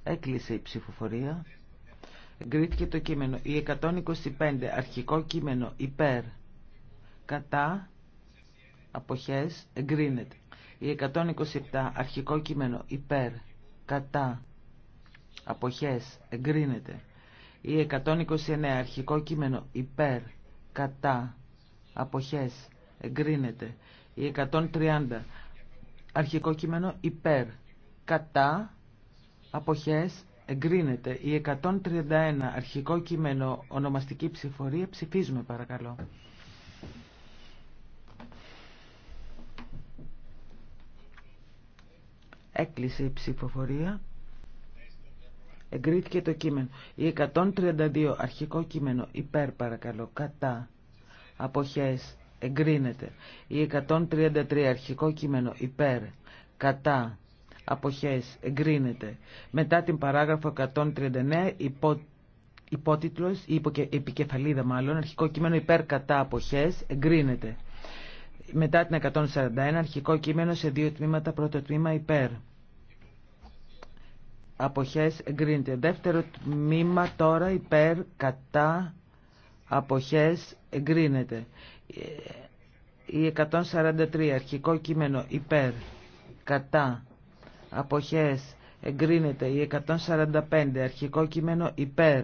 Έκλεισε η ψηφοφορία. Εγκρίθηκε το κείμενο. Η 125 αρχικό κείμενο υπέρ κατά αποχές εγκρίνεται. Η 127 αρχικό κείμενο υπέρ κατά αποχές εγκρίνεται. Η 129 αρχικό κείμενο υπέρ κατά αποχές εγκρίνεται. Η 130 αρχικό κείμενο υπέρ κατά αποχές εγκρίνεται. Η 131 αρχικό κείμενο ονομαστική ψηφορία ψηφίζουμε παρακαλώ. Έκλεισε η ψηφοφορία. Εγκρίθηκε το κείμενο. Η 132 αρχικό κείμενο υπέρ παρακαλώ κατά αποχές εγκρίνεται. Η 133 αρχικό κείμενο υπέρ κατά αποχές εγκρίνεται. Μετά την παράγραφο 139 υπό, υπότιτλος, η επικεφαλίδα μάλλον, αρχικό κείμενο υπέρ κατά αποχές εγκρίνεται. Μετά την 141 αρχικό κείμενο σε δύο τμήματα, πρώτο τμήμα υπέρ. Αποχές εγκρίνεται. Δεύτερο τμήμα τώρα υπέρ κατά αποχές εγκρίνεται. Ε, η 143 αρχικό κείμενο υπέρ κατά αποχές εγκρίνεται η 145 αρχικό κείμενο υπέρ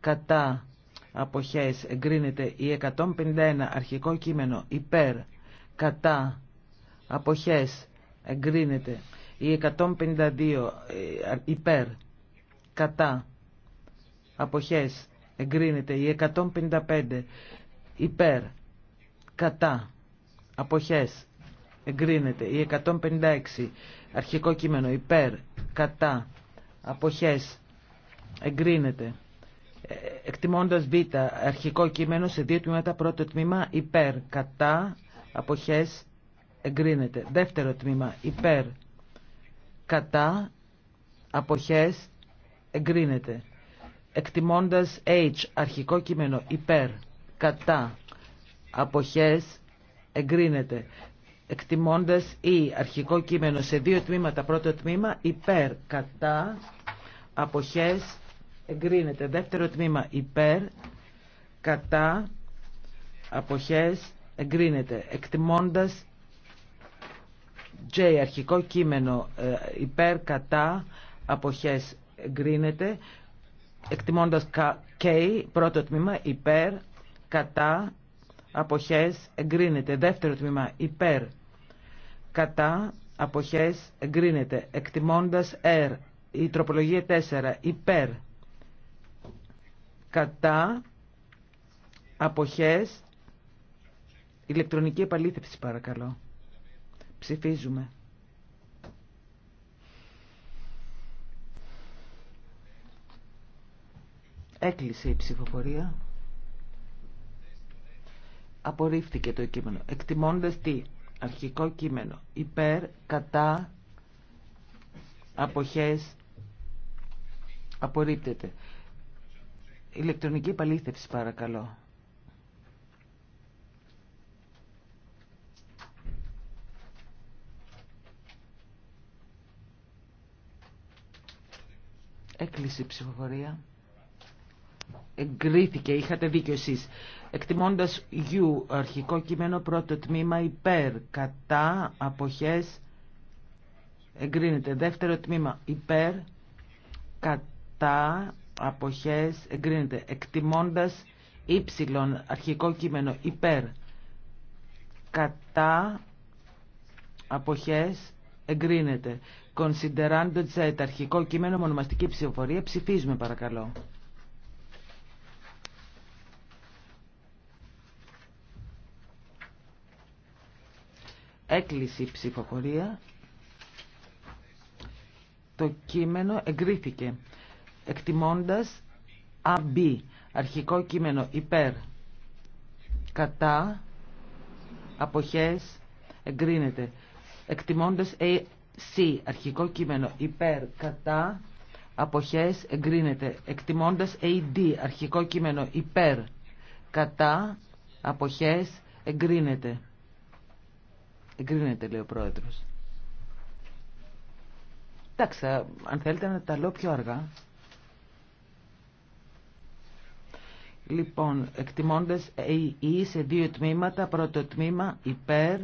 κατά αποχές εγκρίνεται η 151 αρχικό κείμενο υπέρ κατά αποχές εγκρίνεται η 152 ε, υπέρ κατά αποχές εγκρίνεται η 155 υπέρ κατά αποχές εγκρίνεται η 156 Αρχικό κείμενο υπέρ, κατά, αποχές, εγκρίνεται. Ε, εκτιμώντας β, αρχικό κείμενο σε δύο τμήματα, πρώτο τμήμα υπέρ, κατά, αποχές, εγκρίνεται. Δεύτερο τμήμα υπέρ, κατά, αποχές, εγκρίνεται. Εκτιμώντας H, αρχικό κείμενο υπέρ, κατά, αποχές, εγκρίνεται εκτιμώντας ή αρχικό κείμενο σε δύο τμήματα. Πρώτο τμήμα υπέρ, κατά, αποχές, εγκρίνεται. Δεύτερο τμήμα υπέρ, κατά, αποχές, εγκρίνεται. Εκτιμώντας J, αρχικό κείμενο ε, υπέρ, κατά, αποχές, εγκρίνεται. Εκτιμώντας K, πρώτο τμήμα υπέρ, κατά, αποχές εγκρίνεται. Δεύτερο τμήμα υπέρ κατά αποχές εγκρίνεται. Εκτιμώντας Ερ. η τροπολογία 4 υπέρ κατά αποχές ηλεκτρονική επαλήθευση παρακαλώ. Ψηφίζουμε. Έκλεισε η ψηφοφορία απορρίφθηκε το κείμενο. Εκτιμώντας τι αρχικό κείμενο υπέρ, κατά, αποχές, απορρίπτεται. Ηλεκτρονική επαλήθευση παρακαλώ. Έκλεισε η ψηφοφορία εγκρίθηκε, είχατε δίκιο εσείς. Εκτιμώντας γιου, αρχικό κείμενο, πρώτο τμήμα υπέρ, κατά, αποχές, εγκρίνεται. Δεύτερο τμήμα υπέρ, κατά, αποχές, εγκρίνεται. Εκτιμώντας ύψιλον, αρχικό κείμενο υπέρ, κατά, αποχές, εγκρίνεται. Κονσιντεράντο Z, αρχικό κείμενο, μονομαστική ψηφοφορία, ψηφίζουμε παρακαλώ. Έκλεισε η ψηφοφορία. Το κείμενο εγκρίθηκε. Εκτιμώντας AB, αρχικό κείμενο υπέρ, κατά, αποχές, εγκρίνεται. Εκτιμώντας AC, ε, αρχικό κείμενο υπέρ, κατά, αποχές, εγκρίνεται. Εκτιμώντας AD, ε, αρχικό κείμενο υπέρ, κατά, αποχές, εγκρίνεται. Εγκρίνεται, λέει ο πρόεδρο. Εντάξει, αν θέλετε να τα λέω πιο αργά. Λοιπόν, εκτιμώντας ή e σε δύο τμήματα, πρώτο τμήμα υπέρ,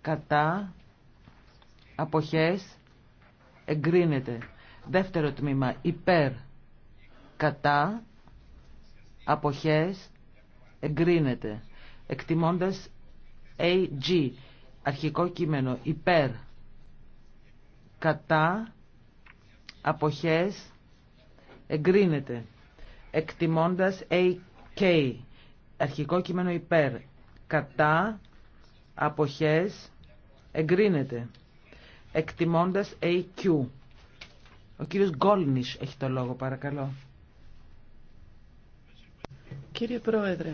κατά, αποχές, εγκρίνεται. Δεύτερο τμήμα υπέρ, κατά, αποχές, εγκρίνεται. Εκτιμώντας AG αρχικό κείμενο υπέρ κατά αποχές εγκρίνεται εκτιμώντας AK αρχικό κείμενο υπέρ κατά αποχές εγκρίνεται εκτιμώντας AQ ο κύριος Γκόλνης έχει το λόγο παρακαλώ Κύριε Πρόεδρε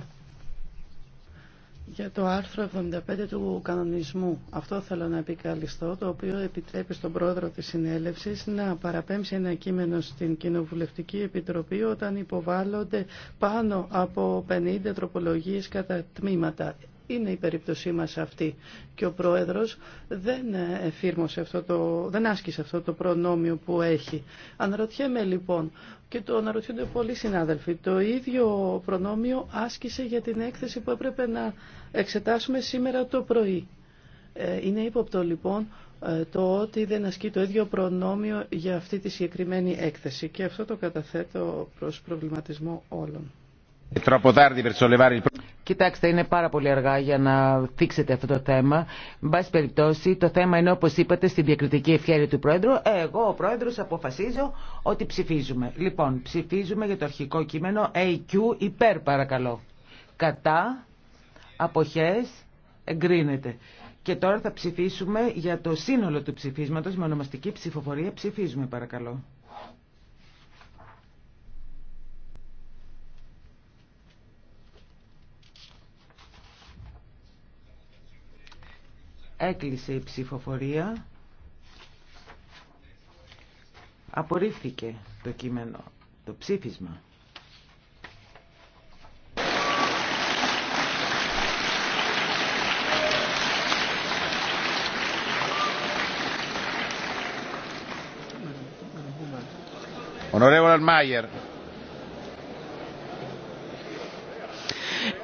για το άρθρο 75 του κανονισμού. Αυτό θέλω να επικαλυστώ, το οποίο επιτρέπει στον πρόεδρο της συνέλευσης να παραπέμψει ένα κείμενο στην Κοινοβουλευτική Επιτροπή όταν υποβάλλονται πάνω από 50 τροπολογίες κατά τμήματα είναι η περίπτωσή μας αυτή. Και ο Πρόεδρος δεν, αυτό το, δεν άσκησε αυτό το προνόμιο που έχει. Αναρωτιέμαι λοιπόν, και το αναρωτιούνται πολλοί συνάδελφοι, το ίδιο προνόμιο άσκησε για την έκθεση που έπρεπε να εξετάσουμε σήμερα το πρωί. Ε, είναι ύποπτο λοιπόν ε, το ότι δεν ασκεί το ίδιο προνόμιο για αυτή τη συγκεκριμένη έκθεση και αυτό το καταθέτω προς προβληματισμό όλων. Κοιτάξτε, είναι πάρα πολύ αργά για να θίξετε αυτό το θέμα. Με πάση περιπτώσει, το θέμα είναι όπως είπατε στην διακριτική ευχαίρεια του Πρόεδρου. Ε, εγώ, ο Πρόεδρος, αποφασίζω ότι ψηφίζουμε. Λοιπόν, ψηφίζουμε για το αρχικό κείμενο AQ υπέρ παρακαλώ. Κατά, αποχές, εγκρίνεται. Και τώρα θα ψηφίσουμε για το σύνολο του ψηφίσματος με ονομαστική ψηφοφορία. Ψηφίζουμε παρακαλώ. Έκλεισε η ψηφοφορία. Απορρίφθηκε το κείμενο, το ψήφισμα.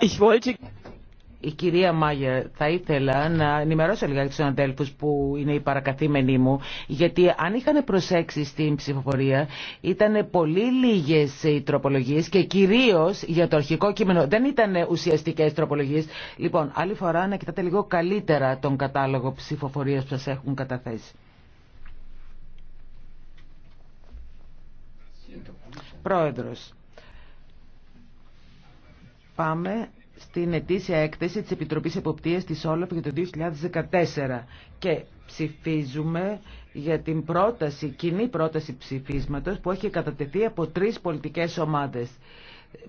Ich wollte η κυρία Μάγερ, θα ήθελα να ενημερώσω λίγα του αδέλφου που είναι οι παρακαθήμενοι μου, γιατί αν είχαν προσέξει στην ψηφοφορία, ήταν πολύ λίγε ε, οι τροπολογίε και κυρίω για το αρχικό κείμενο. Δεν ήταν ουσιαστικέ τροπολογίε. Λοιπόν, άλλη φορά να κοιτάτε λίγο καλύτερα τον κατάλογο ψηφοφορία που σα έχουν καταθέσει. Πρόεδρος, πάμε στην ετήσια έκθεση της Επιτροπής Εποπτείας της Όλαφ για το 2014 και ψηφίζουμε για την πρόταση, κοινή πρόταση ψηφίσματος που έχει κατατεθεί από τρεις πολιτικές ομάδες.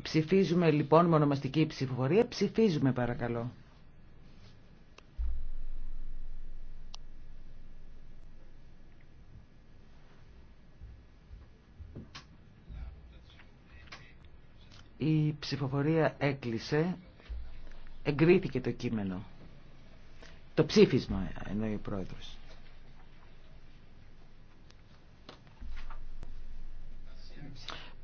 Ψηφίζουμε λοιπόν με ονομαστική ψηφοφορία. Ψηφίζουμε παρακαλώ. Η ψηφοφορία έκλεισε εγκρίθηκε το κείμενο. Το ψήφισμα εννοεί ο πρόεδρος.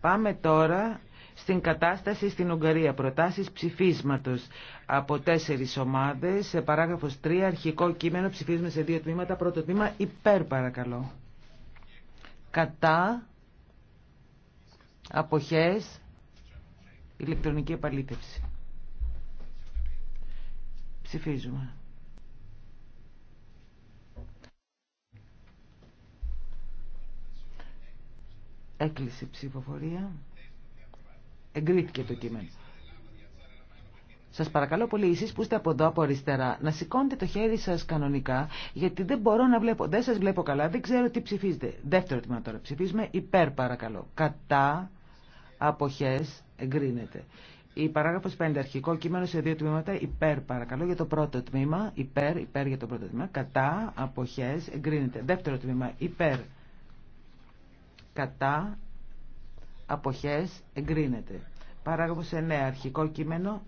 Πάμε τώρα στην κατάσταση στην Ουγγαρία. Προτάσεις ψηφίσματος από τέσσερις ομάδες. Σε παράγραφος 3 αρχικό κείμενο ψηφίσμα σε δύο τμήματα. Πρώτο τμήμα υπέρ παρακαλώ. Κατά αποχές ηλεκτρονική επαλήθευση. Ψηφίζουμε. Έκλεισε ψηφοφορία. Εγκρίθηκε το κείμενο. Σας παρακαλώ πολύ εσείς που είστε από εδώ από αριστερά να σηκώνετε το χέρι σας κανονικά γιατί δεν μπορώ να βλέπω, δεν σας βλέπω καλά, δεν ξέρω τι ψηφίζετε. Δεύτερο τμήμα τώρα ψηφίζουμε υπέρ παρακαλώ. Κατά αποχές εγκρίνεται. Η παράγραφος 5, αρχικό κείμενο σε δύο τμήματα, υπέρ παρακαλώ για το πρώτο τμήμα, υπέρ, υπέρ για το πρώτο τμήμα, κατά, αποχές, εγκρίνεται. Δεύτερο τμήμα, υπέρ, κατά, αποχές, εγκρίνεται. Παράγραφος 9, αρχικό κείμενο,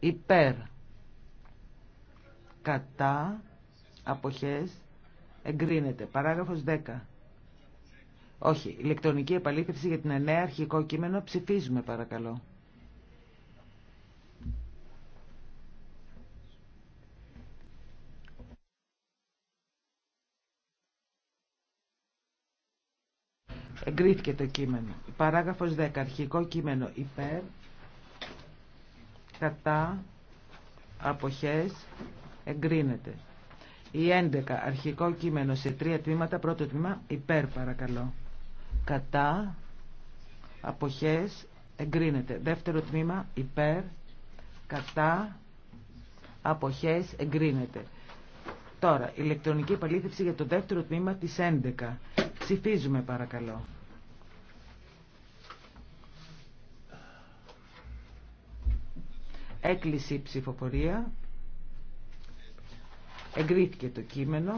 υπέρ, κατά, αποχές, εγκρίνεται. Παράγραφος 10. Όχι, ηλεκτρονική επαλήθευση για την ενέα αρχικό κείμενο ψηφίζουμε παρακαλώ. Εγκρίθηκε το κείμενο. Παράγραφος 10. Αρχικό κείμενο υπέρ, κατά, αποχές, εγκρίνεται. Η 11. Αρχικό κείμενο σε τρία τμήματα. Πρώτο τμήμα υπέρ παρακαλώ. Κατά, αποχές, εγκρίνεται. Δεύτερο τμήμα υπέρ, κατά, αποχές, εγκρίνεται. Τώρα, ηλεκτρονική επαλήθευση για το δεύτερο τμήμα της 11. Ψηφίζουμε παρακαλώ. Έκλεισε η ψηφοφορία. Εγκρίθηκε το κείμενο.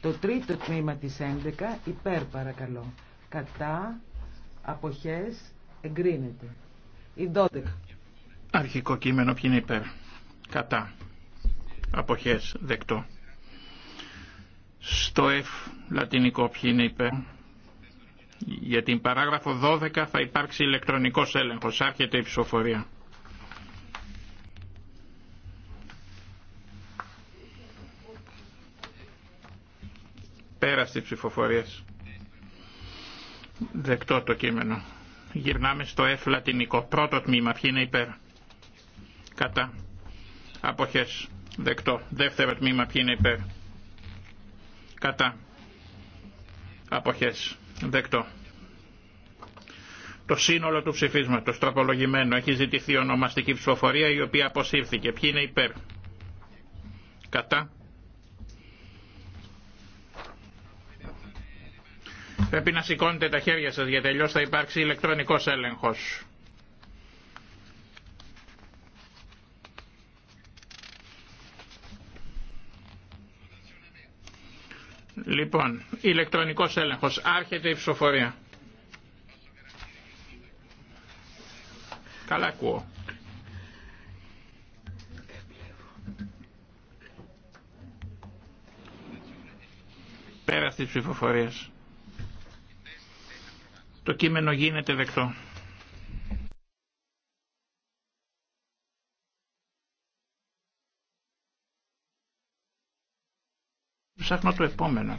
Το τρίτο τμήμα της 11 υπέρ παρακαλώ. Κατά αποχές εγκρίνεται. Η 12. Αρχικό κείμενο ποιο είναι υπέρ. Κατά. Αποχές δεκτό. Στο F, λατινικό, ποιοι είναι υπέρ. Για την παράγραφο 12 θα υπάρξει ηλεκτρονικός έλεγχος. Άρχεται η ψηφοφορία. Πέραστη στις Δεκτό το κείμενο. Γυρνάμε στο F λατινικό. Πρώτο τμήμα. Ποιοι είναι υπέρ. Κατά. Αποχές. Δεκτό. Δεύτερο τμήμα. Ποιοι είναι υπέρ Κατά. Αποχές. Δεκτό. Το σύνολο του ψηφίσματος, τροπολογημένο, έχει ζητηθεί ονομαστική ψηφοφορία η οποία αποσύρθηκε. Ποιοι είναι υπέρ. Κατά. Πρέπει να σηκώνετε τα χέρια σας γιατί αλλιώς θα υπάρξει ηλεκτρονικός έλεγχος. Λοιπόν, ηλεκτρονικός έλεγχος. Άρχεται η ψηφοφορία. Καλά ακούω. Πέρα στις ψηφοφορίες. Το κείμενο γίνεται δεκτό. Ψάχνω το επόμενο.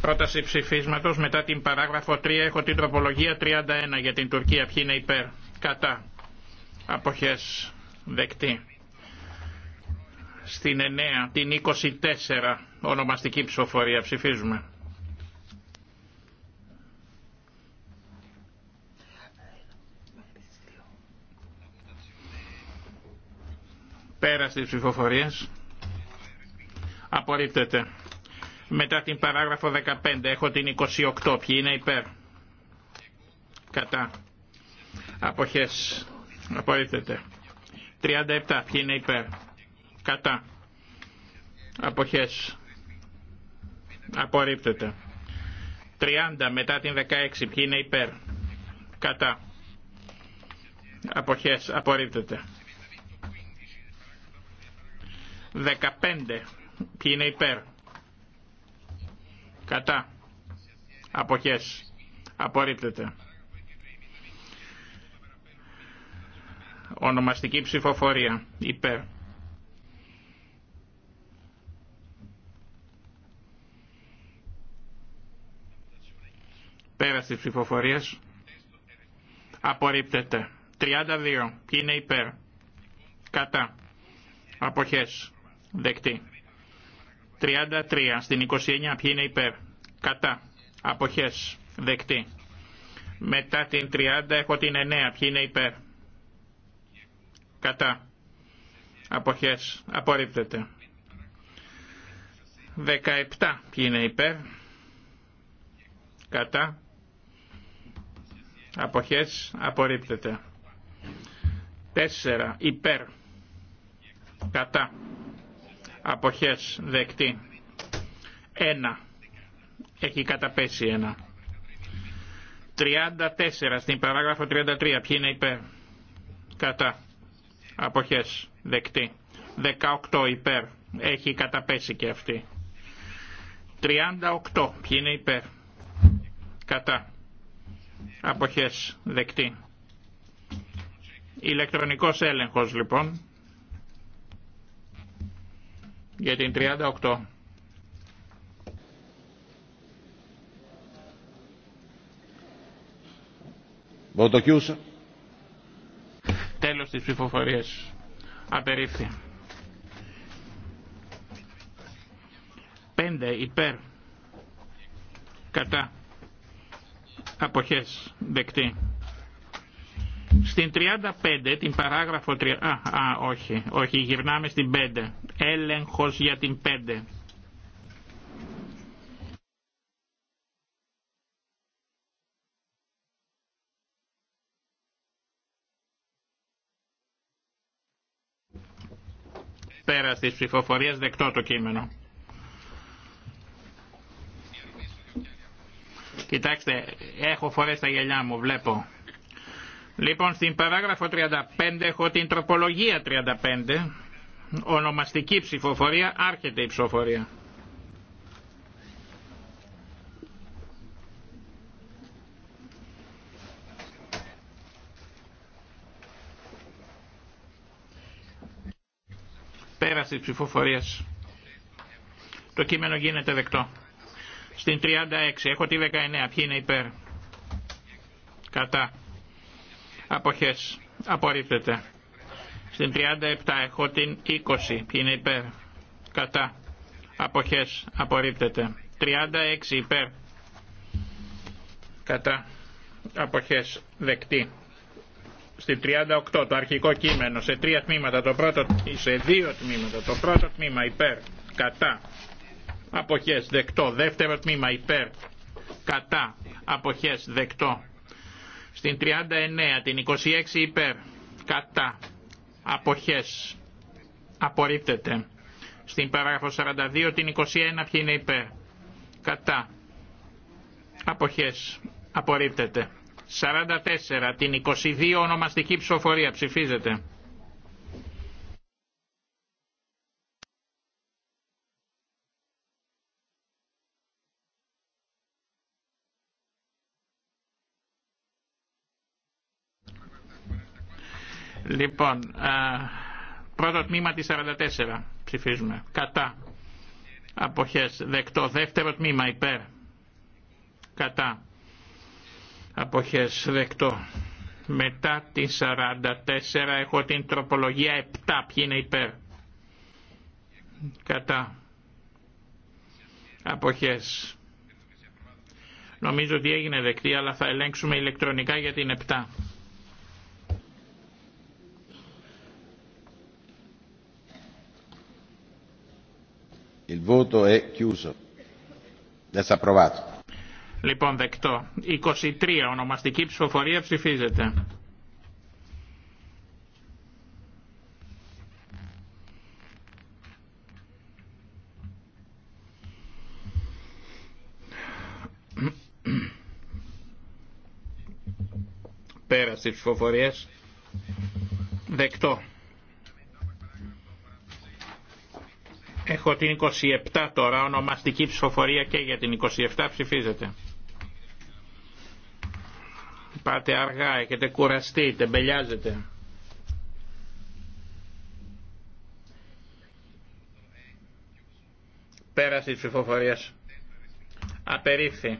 Πρόταση ψηφίσματο μετά την παράγραφο 3 έχω την τροπολογία 31 για την Τουρκία. Ποιοι είναι υπέρ, κατά, αποχέ, δεκτή. Στην 9, την 24, ονομαστική ψηφοφορία ψηφίζουμε. Πέρα της ψηφοφορίας. Απορρίπτεται. Μετά την παράγραφο 15 έχω την 28. Ποιοι είναι υπέρ. Κατά. Αποχές. Απορρίπτεται. 37. Ποιοι είναι υπέρ. Κατά. Αποχές. Απορρίπτεται. 30 μετά την 16. Ποιοι είναι υπέρ. Κατά. Αποχές. Απορρίπτεται. 15. Ποιοι είναι υπέρ. Κατά. Αποχές. Απορρίπτεται. Ονομαστική ψηφοφορία. Υπέρ. Πέραση της ψηφοφορίας. Απορρίπτεται. 32. Ποιοι είναι υπέρ. Κατά. Αποχές. Δεκτή. 33 στην 29 ποιοι είναι υπέρ. Κατά. Αποχές. Δεκτή. Μετά την 30 έχω την 9 ποιοι είναι υπέρ. Κατά. Αποχές. Απορρίπτεται. 17 ποιοι είναι υπέρ. Κατά. Αποχές. Απορρίπτεται. 4 υπέρ. Κατά αποχές δεκτή. Ένα. Έχει καταπέσει ένα. 34 στην παράγραφο 33. Ποιοι είναι υπέρ. Κατά. Αποχές δεκτή. 18 υπέρ. Έχει καταπέσει και αυτή. 38. Ποιοι είναι υπέρ. Κατά. Αποχές δεκτή. Ηλεκτρονικός έλεγχος λοιπόν για την 38. Βοτοκιούσα. Τέλος της ψηφοφορίας. Απερίφθη. Πέντε υπέρ. Κατά. Αποχές. Δεκτή. Στην 35, την παράγραφο 3... Α, α, όχι, όχι, γυρνάμε στην 5 έλεγχος για την 5. Πέρα στις ψηφοφορίες δεκτό το κείμενο. Κοιτάξτε, έχω φορές τα γυαλιά μου, βλέπω. Λοιπόν, στην παράγραφο 35 έχω την τροπολογία 35 Ονομαστική ψηφοφορία. Άρχεται η ψηφοφορία. Πέραση η ψηφοφορίας. Το κείμενο γίνεται δεκτό. Στην 36. Έχω τη 19. Ποιοι είναι υπέρ. Κατά. Αποχές. Απορρίπτεται. Στην 37 έχω την 20. είναι υπέρ. Κατά. Αποχές. Απορρίπτεται. 36 υπέρ. Κατά. Αποχές. Δεκτή. Στην 38 το αρχικό κείμενο σε τρία τμήματα. Το πρώτο, σε δύο τμήματα. Το πρώτο τμήμα υπέρ. Κατά. Αποχές. Δεκτό. Δεύτερο τμήμα υπέρ. Κατά. Αποχές. Δεκτό. Στην 39 την 26 υπέρ. Κατά αποχές απορρίπτεται. Στην παράγραφο 42 την 21 ποιοι είναι υπέρ. Κατά. Αποχές. Απορρίπτεται. 44 την 22 ονομαστική ψηφοφορία ψηφίζεται. Λοιπόν, πρώτο τμήμα τη 44 ψηφίζουμε. Κατά. Αποχέ. δεκτό. Δεύτερο τμήμα υπέρ. Κατά. Αποχέ. δεκτό. Μετά τη 44 έχω την τροπολογία 7. Ποιοι είναι υπέρ. Κατά. Αποχέ. Νομίζω ότι έγινε δεκτή, αλλά θα ελέγξουμε ηλεκτρονικά για την 7. Λοιπόν, δεκτό. 23. Ονομαστική ψηφοφορία ψηφίζεται. Πέρασε ψηφοφορίες, Δεκτό. Έχω την 27 τώρα, ονομαστική ψηφοφορία και για την 27 ψηφίζεται. Πάτε αργά, έχετε κουραστεί, τεμπελιάζετε. Πέραση ψηφοφορία. ψηφοφορίας. Απερίφθη.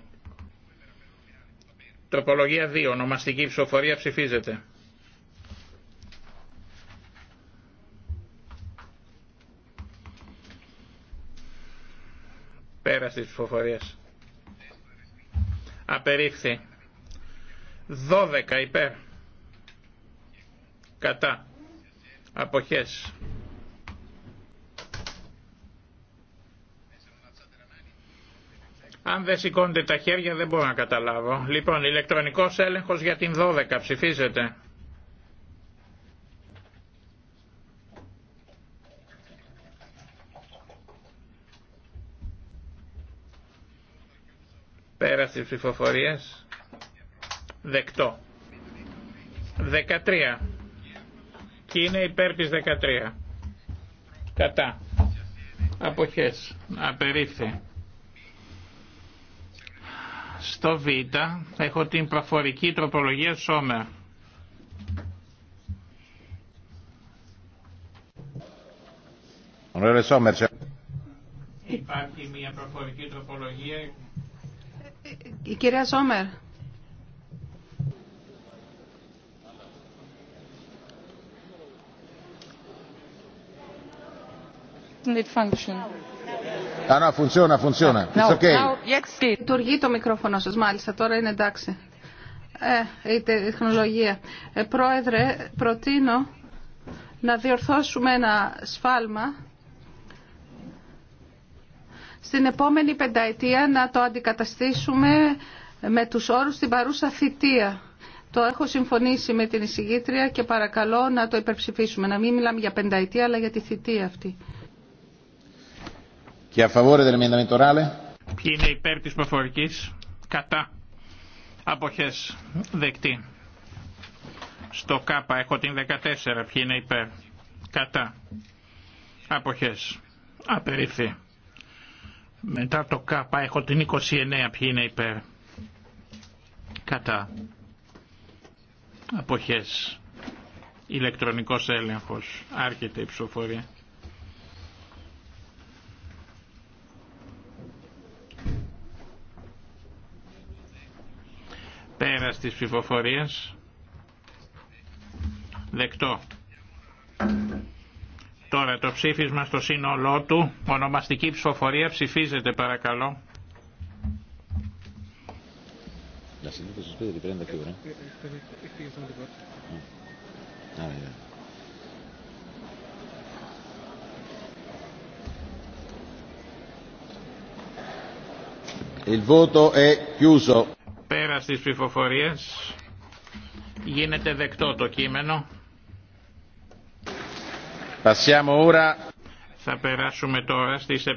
Τροπολογία 2, ονομαστική ψηφοφορία ψηφίζεται. Απερίφθη. 12 υπέρ. Κατά. Αποχές. Αν δεν σηκώνετε τα χέρια δεν μπορώ να καταλάβω. Λοιπόν, ηλεκτρονικός έλεγχος για την 12 ψηφίζεται. πέρα στις ψηφοφορίες. Δεκτό. 13. Και είναι υπέρ της 13. Κατά. Αποχές. Απερίφθη. Στο Β έχω την προφορική τροπολογία Σόμερ. Υπάρχει μια προφορική τροπολογία η κυρία Ζόμερ. Λειτουργεί το μικρόφωνο σας, μάλιστα, τώρα είναι εντάξει. Ε, η τεχνολογία. Ε, πρόεδρε, προτείνω να διορθώσουμε ένα σφάλμα στην επόμενη πενταετία να το αντικαταστήσουμε με τους όρους στην παρούσα θητεία. Το έχω συμφωνήσει με την εισηγήτρια και παρακαλώ να το υπερψηφίσουμε. Να μην μιλάμε για πενταετία αλλά για τη θητεία αυτή. Και a favore Ποιοι είναι υπέρ της προφορικής. Κατά. Αποχές. Δεκτή. Στο ΚΑΠΑ έχω την 14. Ποιοι είναι υπέρ. Κατά. Αποχές. Απερίφθη. Μετά το ΚΑΠΑ έχω την 29 ποιοι είναι υπέρ. Κατά. Αποχές. Ηλεκτρονικός έλεγχος. Άρχεται η ψηφοφορία. πέρα της ψηφοφορίας. Δεκτό. Τώρα το ψήφισμα στο σύνολό του, ονομαστική ψηφοφορία ψηφίζεται παρακαλώ. Il voto è chiuso. Πέρα στις ψηφοφορία γίνεται δεκτό το κείμενο. Θα περάσουμε τώρα στις